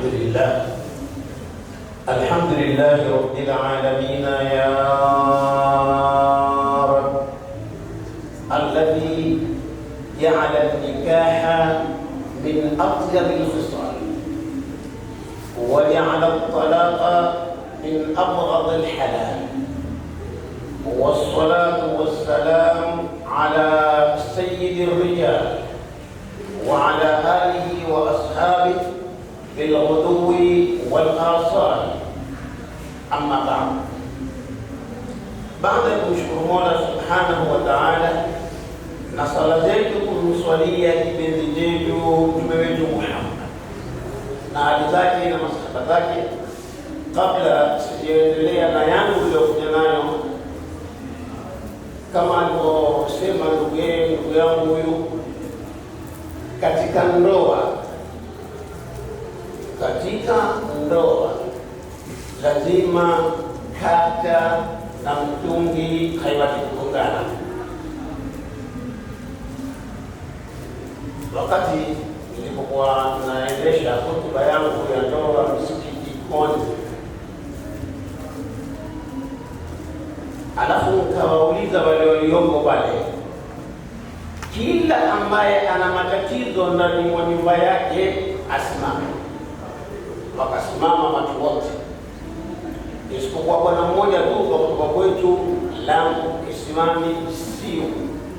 الحمد لله الحمد لله رب العالمين يا رب الذي جعل النكاح من أطيب الخصال وجعل الطلاق من أبغض الحلال والصلاة والسلام على سيد الرجال وعلى بالغدو والآصال أما بعد baada ya kumshukuru Mola subhanahu wa taala na sala zetu kumswalia kipenzi chetu mtume wetu Muhammad na hali zake na masahaba zake. Kabla sijaendelea na yangu iliyokuja nayo, kama alivyosema ndugu yangu huyu, katika ndoa katika ndoa lazima kata na mtungi haiwezi kugongana. Wakati nilipokuwa naendesha hotuba yangu ya ndoa msikiti Koni, alafu nikawauliza walioliongo pale, kila ambaye ana matatizo ndani mwa nyumba yake asimame wakasimama watu wote, isipokuwa bwana mmoja tu kwa kutoka kwetu Lamu isimami sio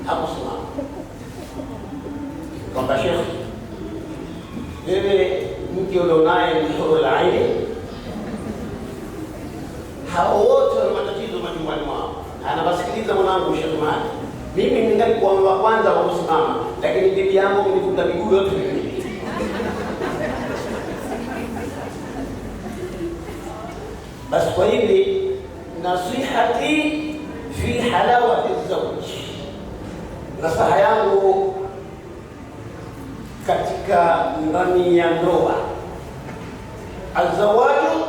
hakusimama. Kwamba shekhi, wewe mke ulionaye ni huru la aini, hao wote wana matatizo majumbani mwao, anawasikiliza mwanangu Shekh Mimi ningali wa kwanza wa kusimama, lakini bibi yangu mlikuta miguu yote بس kwa hivi nasihati fi halawati zawj, nasaha yangu katika ndani ya ndoa. Azawaju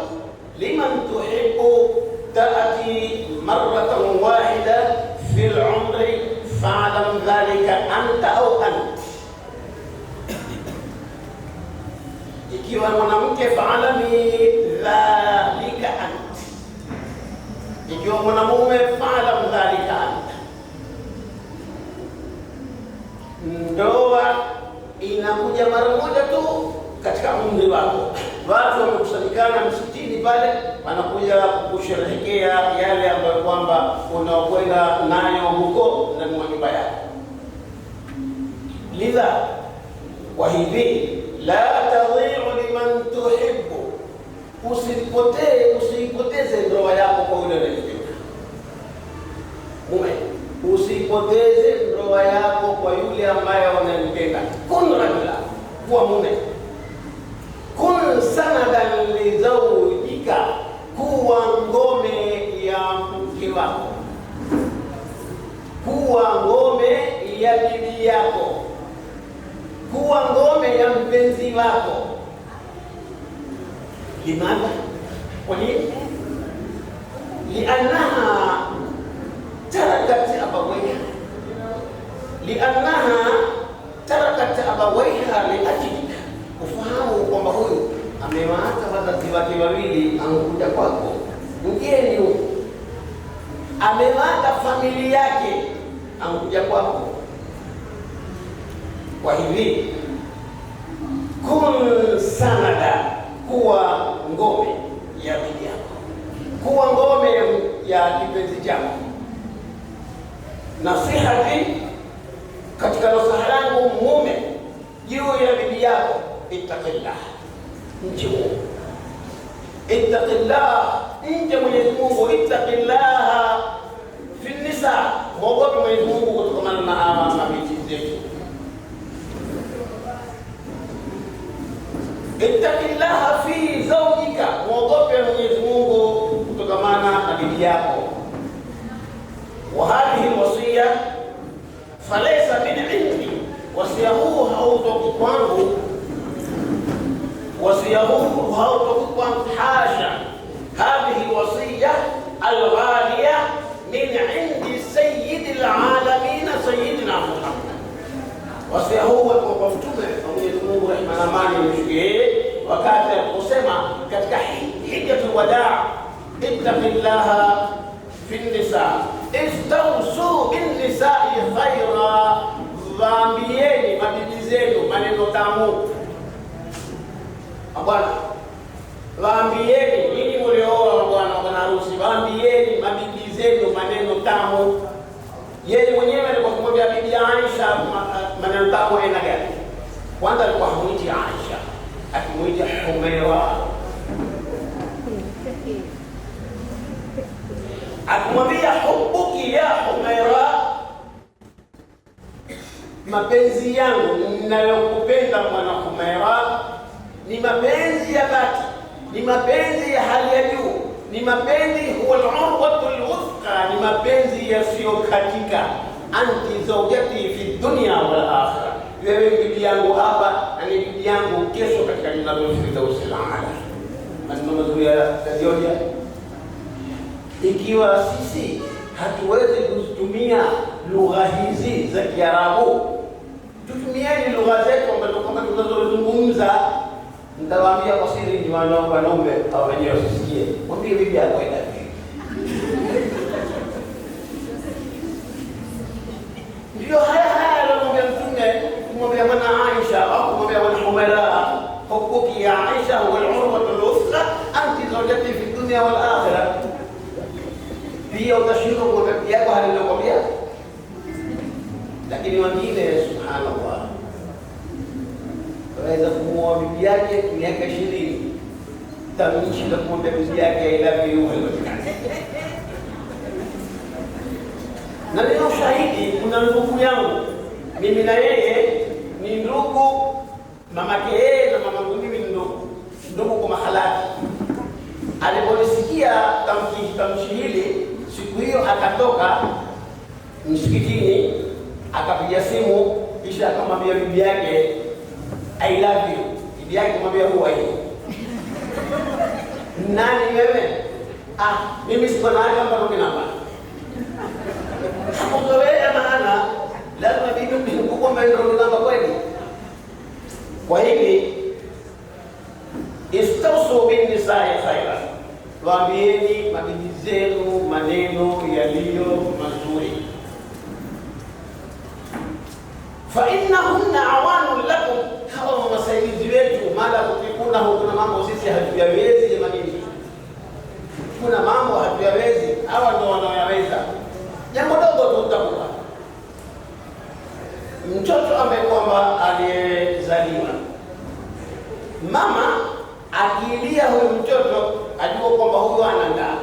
liman tuhibu taati maratan wahida fi lumri faalam dhalika anta au ant, ikiwa mwanamke faalami dhalika ikiwa mwanamume fala mdhalika ndoa inakuja mara moja tu katika umri wako. Watu wamekusanyikana msikitini pale, wanakuja kusherehekea yale ambayo kwamba unaokwenda nayo huko ndani mwa nyumba yako. Lidha wa hivi la tadhiu liman tuhib usipotee, usiipoteze ndoa yako kwa yule unayempenda. Mume, usipoteze ndoa yako kwa yule ambaye unampenda. Kun rajula, kuwa mume. Kun sanadan lizaujika, kuwa ngome ya mke wako, kuwa ngome ya bibi yako, kuwa ngome ya mpenzi wako لماذا؟ وليه؟ لأنها تركت أبويها لأنها تركت أبويها لأجلك. Ufahamu kwamba huyu amewaacha wazazi wake wawili, amekuja kwako, mgeni huyu. Amewaacha familia yake, amekuja kwako. Kwa hivi kun sanada kuwa ngome ya bidii yako, kuwa ngome ya kipenzi chako. Nasiha hii katika nasaha yangu mume juu ya bibi yako, ittaqillah, mche Mungu, ittaqillah, mche Mwenyezi Mungu, ittaqillaha fi nisa, mwogope Mwenyezi Mungu kutokana na hawa mabinti zetu. وهو حاشا هذه وصية الغالية من عند سيد العالمين سيدنا محمد wasi huwa kwa mtume Mwenyezi Mungu rehema na amani imshukie wakati aliposema katika hijjatul wadaa ittaqillaha fi nisa istawsu bin nisa'i khaira waambieni mabibi zenu maneno tamu bwana waambieni ili mulioa bwana bwana harusi, waambieni mabinti zenu maneno tamu. Yeye mwenyewe alikuwa kumwambia bibi Aisha maneno tamu aina gani? Kwanza alikuwa hamuiti Aisha, akimuita Humewa, akimwambia hubuki ya Humewa, mapenzi yangu ninayokupenda mwana Humewa ni mapenzi ya dhati ni mapenzi ya hali ya juu, ni mapenzi huwa al-urwatul wuthqa, ni mapenzi yasiyokatika. Anti zaujati fi dunya wal akhirah, wewe bibi yangu hapa na ni bibi yangu kesho katika jina la Firdausi al-aala. Maneno mazuri yatajoja ikiwa sisi hatuwezi kuzitumia lugha hizi za Kiarabu, tutumieni lugha zetu ambazo kwamba tunazozungumza Nitawaambia kwa siri ni wanaomba nombe au wenyewe wasisikie. Mwambie bibi yako enda Ndio haya haya alomwambia Mtume kumwambia mwana Aisha au kumwambia mwana Humaira, hukuki ya Aisha wal urwatul usra anti zawjati fi dunya wal akhirah. Pia utashindwa kumwambia bibi yako halilokwambia, lakini wengine subhanallah unaweza kumuoa bibi yake miaka ishirini, tamishi la kumwambia bibi yake ailavi yule. Na leo shahidi, kuna ndugu yangu mimi na yeye ni ndugu, mamake yeye na mamangu mimi ni ndugu, ndugu kwa mahalaki. Aliponisikia tamshi tamshi hili, siku hiyo akatoka msikitini, akapiga simu, kisha akamwambia bibi yake I love you. Bibi yake kumwambia huwa hii. Nani wewe? Ah, mimi siko na haja hapa kuna namba. Hapo maana lazima bibi mkubwa ndio namba kweli. Kwa hivi istausu bin nisaa khaira. Waambieni mabibi zenu maneno yaliyo mazuri. kuna kuna mambo sisi hatuyawezi jamani, kuna mambo hatuyawezi, hawa ndio wanaoyaweza. Jambo dogo tu utakuta mtoto ambaye kwamba aliyezaliwa, mama akilia huyu mtoto ajua kwamba huyu anangaa.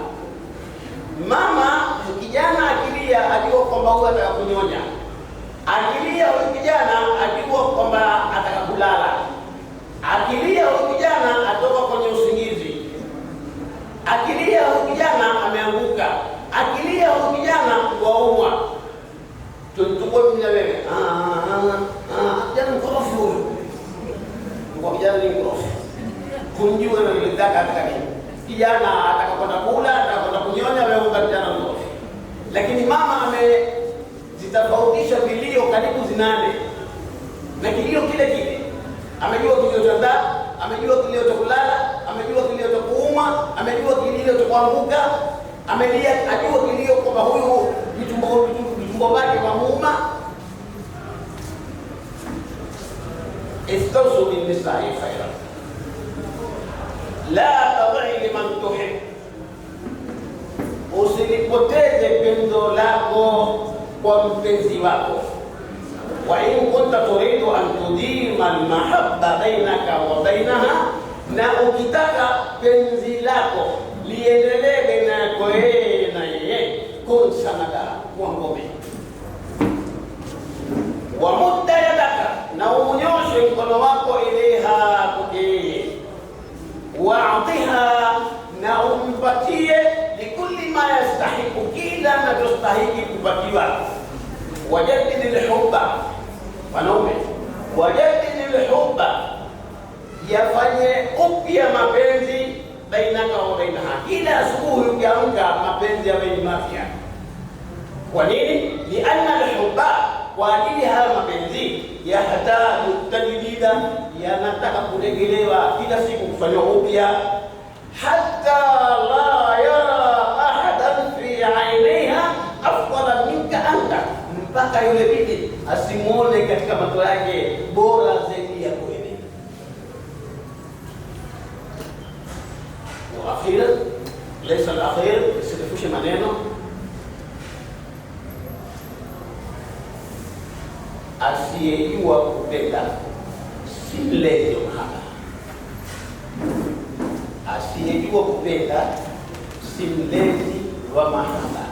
Mama kijana akilia ajua kwamba huyu atakunyonya. Akilia huyu kijana kumjua na mwenzake katika nini. Kijana atakakwenda kula, atakakwenda kunyonya, wewe unga kijana mdogo. Lakini mama amezitofautisha vilio karibu zinane na kilio kile kile. Amejua kilio cha njaa, amejua kilio cha kulala, amejua kilio cha kuuma, amejua kilio cha kuanguka, amelia ajua kilio kwamba huyu vitumbo mtumbo wake kwa muuma istausu bin nisa'i khairan la tadii liman tuhib, usilipoteze pendo lako kwa mpenzi wako. Wa in kunta turidu an tudima almahabba bainaka wa bainaha, na ukitaka penzi lako liendelee baina yako yeye na yeye, kun samada, kuwa wa mudda yadaka, na unyoshe mkono wako ilaiha kila anachostahili kupatiwa. Wajadidi lhuba, wanaume, wajadidi lhuba, yafanye upya mapenzi bainaka wa bainaha. Kila asubuhi ukiamka, mapenzi yawe ni mapya. Kwa nini? Ni anna lhuba, kwa ajili haya mapenzi yahtaju tajdida, yanataka kuregelewa kila siku, kufanywa upya hata Allah hata yule bibi asimuone katika macho yake bora zaidi ya kueleka waakhira laisa akhir, usilefushe maneno. Asiyejua kupenda si leo hapa, asiyejua kupenda si mlezi wa mahaba.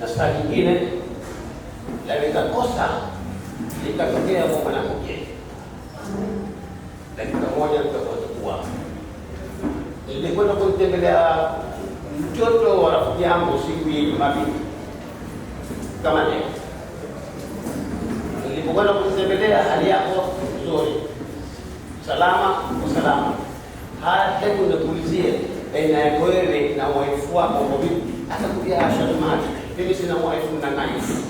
na saa nyingine laweza kosa likatokea kwa mwanamke, dakika moja mtakuwa nilikwenda kumtembelea mtoto wa rafiki yangu siku ya Jumapili kama Nilipokwenda kumtembelea, hali yako nzuri, salama, usalama. Hebu nikuulizie, baina yako wewe na waifu wako vipi? Akakuambia Asha Hindi siya ng wife mo na nice.